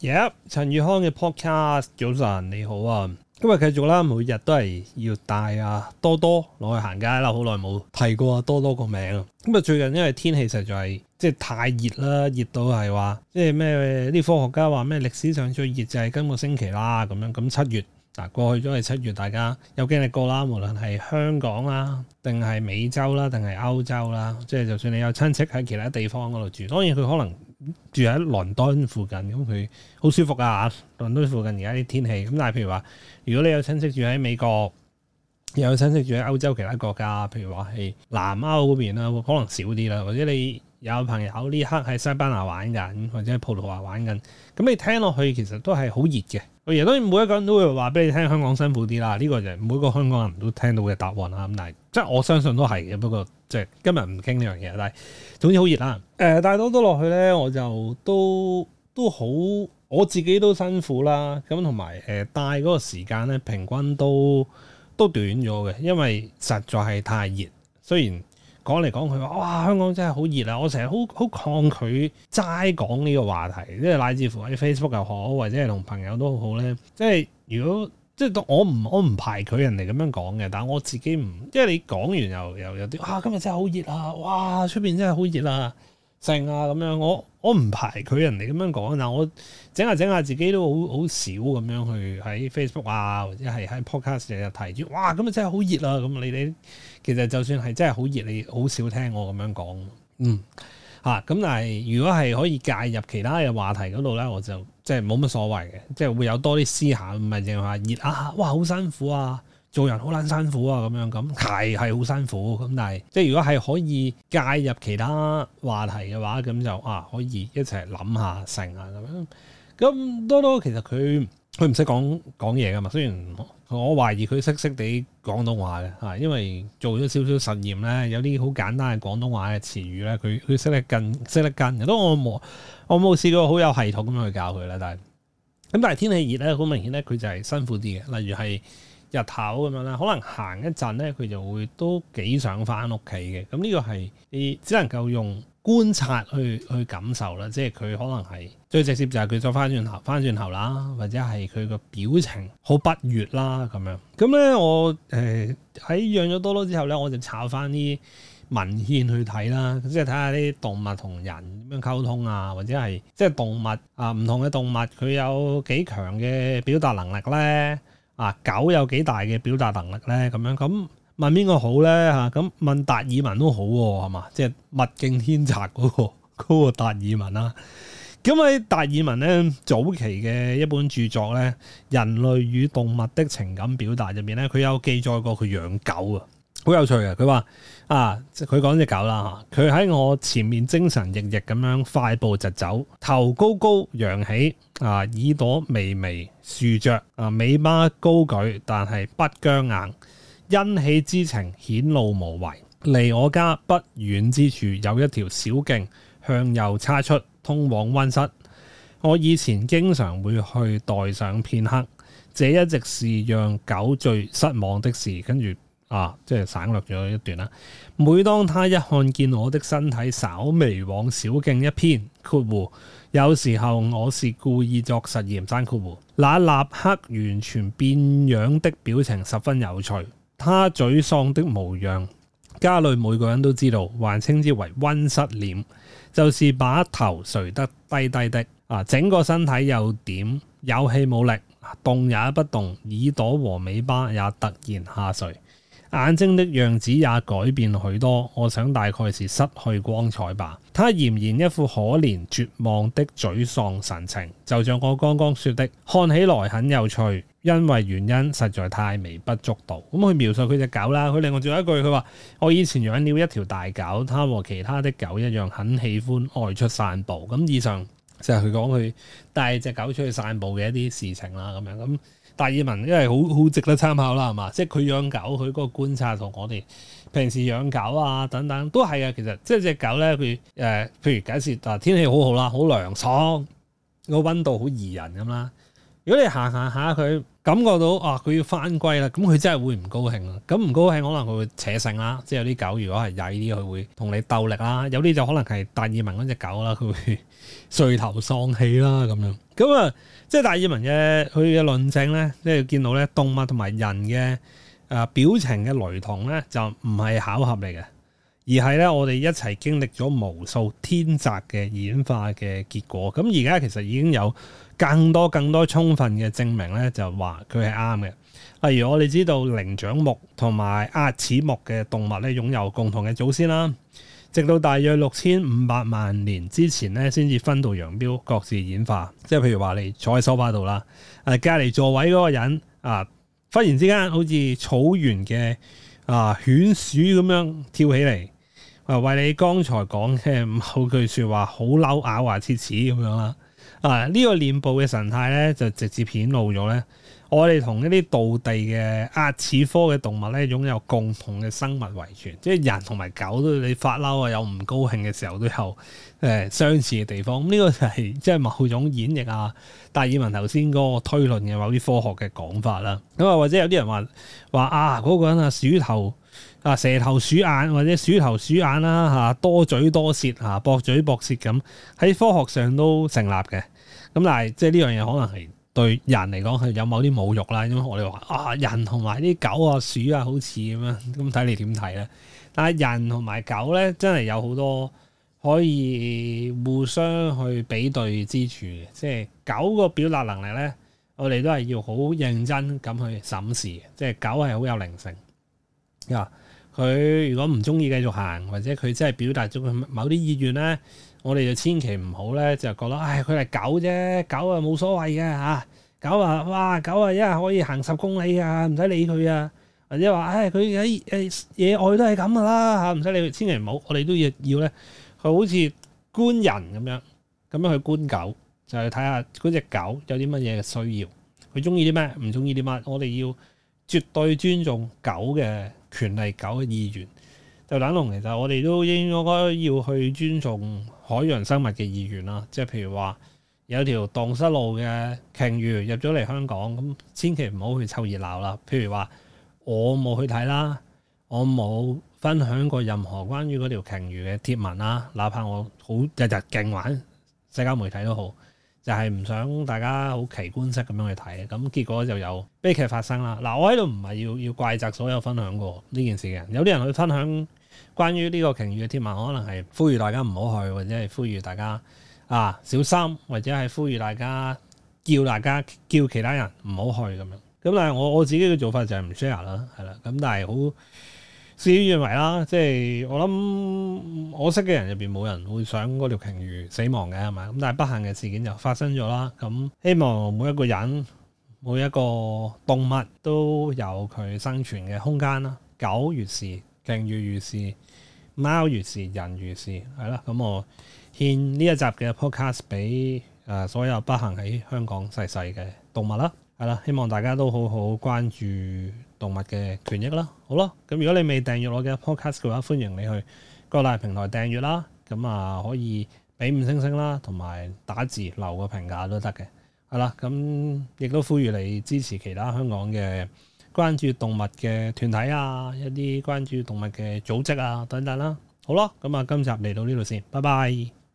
耶！Yeah, 陳宇康嘅 podcast，早晨你好啊，今日繼續啦，每日都係要帶阿、啊、多多攞去行街啦，好耐冇提過、啊、多多個名咁啊，最近因為天氣實在係即係太熱啦，熱到係話即係咩？啲科學家話咩？歷史上最熱就係今個星期啦咁樣。咁七月嗱、啊，過去咗係七月，大家有經歷過啦。無論係香港啦，定係美洲啦，定係歐洲啦，即、就、係、係、就算你有親戚喺其他地方嗰度住，當然佢可能。住喺倫敦附近，咁佢好舒服噶、啊。倫敦附近而家啲天氣，咁但係譬如話，如果你有親戚住喺美國，又有親戚住喺歐洲其他國家，譬如話係南歐嗰邊啦，可能少啲啦。或者你有朋友呢刻喺西班牙玩緊，或者喺葡萄牙玩緊，咁你聽落去其實都係好熱嘅。好多每一個人都會話俾你聽，香港辛苦啲啦。呢、這個就每個香港人都聽到嘅答案啦。咁但係即係我相信都係嘅。不過即係今日唔傾呢樣嘢。但係總之好熱啦。誒、呃，帶多啲落去咧，我就都都好，我自己都辛苦啦。咁同埋誒帶嗰個時間咧，平均都都短咗嘅，因為實在係太熱。雖然。講嚟講去話哇，香港真係好熱啊！我成日好好抗拒齋講呢個話題，即係乃至乎喺 Facebook 又好，或者係同朋友都好好咧。即係如果即係當我唔我唔排拒人哋咁樣講嘅，但係我自己唔，即係你講完又又有啲啊，今日真係好熱啊！哇，出邊真係好熱啊！正啊咁樣，我我唔排佢人哋咁樣講，但我整下整下自己都好好少咁樣去喺 Facebook 啊，或者係喺 Podcast 日日提住，哇咁啊真係好熱啦，啊！咁你哋其實就算係真係好熱，你好少聽我咁樣講，嗯吓，咁、啊、但係如果係可以介入其他嘅話題嗰度咧，我就即係冇乜所謂嘅，即係會有多啲思考，唔係淨係話熱啊，哇好辛苦啊。做人好撚辛苦啊，咁樣咁係係好辛苦，咁但係即係如果係可以介入其他話題嘅話，咁就啊可以一齊諗下成啊咁樣。咁多多其實佢佢唔識講講嘢噶嘛，雖然我懷疑佢識識哋廣東話嘅吓，因為做咗少少實驗咧，有啲好簡單嘅廣東話嘅詞語咧，佢佢識得更識得更。都我冇我冇試過好有系統咁樣去教佢咧，但係咁但係天氣熱咧，好明顯咧，佢就係辛苦啲嘅，例如係。日頭咁樣啦，可能行一陣咧，佢就會都幾想翻屋企嘅。咁、這、呢個係你只能夠用觀察去去感受啦，即係佢可能係最直接就係佢再翻轉頭，翻轉頭啦，或者係佢個表情好不悅啦咁樣。咁咧我誒喺養咗多多之後咧，我就炒翻啲文獻去睇啦，即係睇下啲動物同人點樣溝通啊，或者係即係動物啊唔、呃、同嘅動物佢有幾強嘅表達能力咧。啊，狗有幾大嘅表達能力咧？咁樣咁問邊個好咧？嚇、啊、咁問達爾文都好喎、啊，係嘛？即係物競天擇嗰、嗰個嗰 個達爾文啦、啊。咁、嗯、喺達爾文咧早期嘅一本著作咧《人類與動物的情感表達》入面咧，佢有記載過佢養狗啊。好有趣啊，佢話啊，佢講隻狗啦，佢、啊、喺我前面精神奕奕咁樣快步疾走，頭高高揚起，啊耳朵微微豎着，啊尾巴高舉，但係不僵硬，欣喜之情顯露無遺。離我家不遠之處有一條小徑，向右叉出，通往温室。我以前經常會去待上片刻，這一直是讓狗最失望的事。跟住。啊，即係省略咗一段啦。每當他一看見我的身體稍微往小徑一偏，括弧，有時候我是故意作實驗，閂括弧，那立刻完全變樣的表情十分有趣。他沮喪的模樣，家裏每個人都知道，還稱之為溫室臉，就是把頭垂得低低的，啊，整個身體有點有氣冇力，動也不動，耳朵和尾巴也突然下垂。眼睛的樣子也改變許多，我想大概是失去光彩吧。他儼然一副可憐絕望的沮喪神情，就像我剛剛說的，看起來很有趣，因為原因實在太微不足道。咁、嗯、佢描述佢隻狗啦，佢另外仲有一句佢話：我以前養了一條大狗，它和其他的狗一樣，很喜歡外出散步。咁、嗯、以上就係佢講佢帶隻狗出去散步嘅一啲事情啦，咁樣咁。達爾文因為好好值得參考啦，係嘛？即係佢養狗，佢嗰個觀察同我哋平時養狗啊等等都係啊。其實即係隻狗咧，佢誒、呃、譬如假設嗱，天氣好好啦，好涼爽，個溫度好宜人咁啦。如果你行行下佢，感覺到啊佢要翻歸啦，咁佢真係會唔高興啦。咁唔高興，可能佢會扯繩啦。即係有啲狗，如果係曳啲，佢會同你鬥力啦。有啲就可能係達爾文嗰隻狗啦，佢會垂頭喪氣啦咁樣。咁啊，即係達爾文嘅佢嘅論證咧，即係見到咧動物同埋人嘅誒表情嘅雷同咧，就唔係巧合嚟嘅。而係咧，我哋一齊經歷咗無數天擇嘅演化嘅結果。咁而家其實已經有更多更多充分嘅證明咧，就話佢係啱嘅。例如我哋知道靈長目同埋齧齒目嘅動物咧，擁有共同嘅祖先啦。直到大約六千五百萬年之前咧，先至分道揚鑣，各自演化。即係譬如話，你坐喺梳化度啦，誒、啊、隔離座位嗰個人啊，忽然之間好似草原嘅啊犬鼠咁樣跳起嚟。啊，為你剛才講嘅某句説話好嬲，咬牙切齒咁樣啦！啊，這個、呢個臉部嘅神態咧，就直接顯露咗咧。我哋同一啲道地嘅阿齒科嘅動物咧，擁有共同嘅生物遺傳，即係人同埋狗都你發嬲啊，有唔高興嘅時候都有誒、呃、相似嘅地方。咁、嗯、呢、這個就係、是、即係某種演繹啊。戴爾文頭先嗰個推論嘅某啲科學嘅講法啦。咁啊，或者有啲人話話啊，嗰、那個人啊鼠頭啊蛇頭鼠眼，或者鼠頭鼠眼啦嚇、啊，多嘴多舌嚇，駁、啊、嘴駁舌咁喺科學上都成立嘅。咁但係即係呢樣嘢可能係。對人嚟講係有某啲侮辱啦，因為我哋話啊人同埋啲狗啊鼠啊好似咁樣，咁睇你點睇咧？但係人同埋狗咧，真係有好多可以互相去比對之處嘅，即係狗個表達能力咧，我哋都係要好認真咁去審視。即係狗係好有靈性。啊，佢如果唔中意繼續行，或者佢真係表達咗佢某啲意願咧。我哋就千祈唔好咧，就覺得，唉，佢係狗啫，狗啊冇所謂嘅嚇，狗啊，哇，狗啊，一日可以行十公里噶，唔使理佢啊，或者話，唉，佢喺誒野外都係咁噶啦嚇，唔使理佢，千祈唔好，我哋都要要咧，佢好似觀人咁樣，咁樣去觀狗，就係睇下嗰隻狗有啲乜嘢嘅需要，佢中意啲咩，唔中意啲乜，我哋要絕對尊重狗嘅權利，狗嘅意願。就冷龍，其實我哋都應該要去尊重海洋生物嘅意願啦。即係譬如話，有條蕩失路嘅鯨魚入咗嚟香港，咁千祈唔好去湊熱鬧啦。譬如話，我冇去睇啦，我冇分享過任何關於嗰條鯨魚嘅貼文啦，哪怕我好日日勁玩社交媒體都好，就係、是、唔想大家好奇觀式咁樣去睇。咁結果就有悲劇發生啦。嗱，我喺度唔係要要怪責所有分享過呢件事嘅，有啲人去分享。關於呢個鯨魚嘅貼文，可能係呼籲大家唔好去，或者係呼籲大家啊小心，或者係呼籲大家叫大家叫其他人唔好去咁樣。咁但係我我自己嘅做法就係唔 share 啦，係啦。咁但係好事與願違啦，即係我諗我識嘅人入邊冇人會想嗰條鯨魚死亡嘅係咪？咁但係不幸嘅事件就發生咗啦。咁希望每一個人、每一個動物都有佢生存嘅空間啦。九月時。訂閱如是，貓如是，人如是，係啦。咁我獻呢一集嘅 podcast 俾誒、呃、所有不幸喺香港逝世嘅動物啦，係啦。希望大家都好好關注動物嘅權益啦。好啦，咁如果你未訂閱我嘅 podcast 嘅話，歡迎你去各大平台訂閱啦。咁啊，可以俾五星星啦，同埋打字留個評價都得嘅。係啦，咁亦都呼籲你支持其他香港嘅。關注動物嘅團體啊，一啲關注動物嘅組織啊，等等啦、啊。好囉，咁啊，今集嚟到呢度先，拜拜。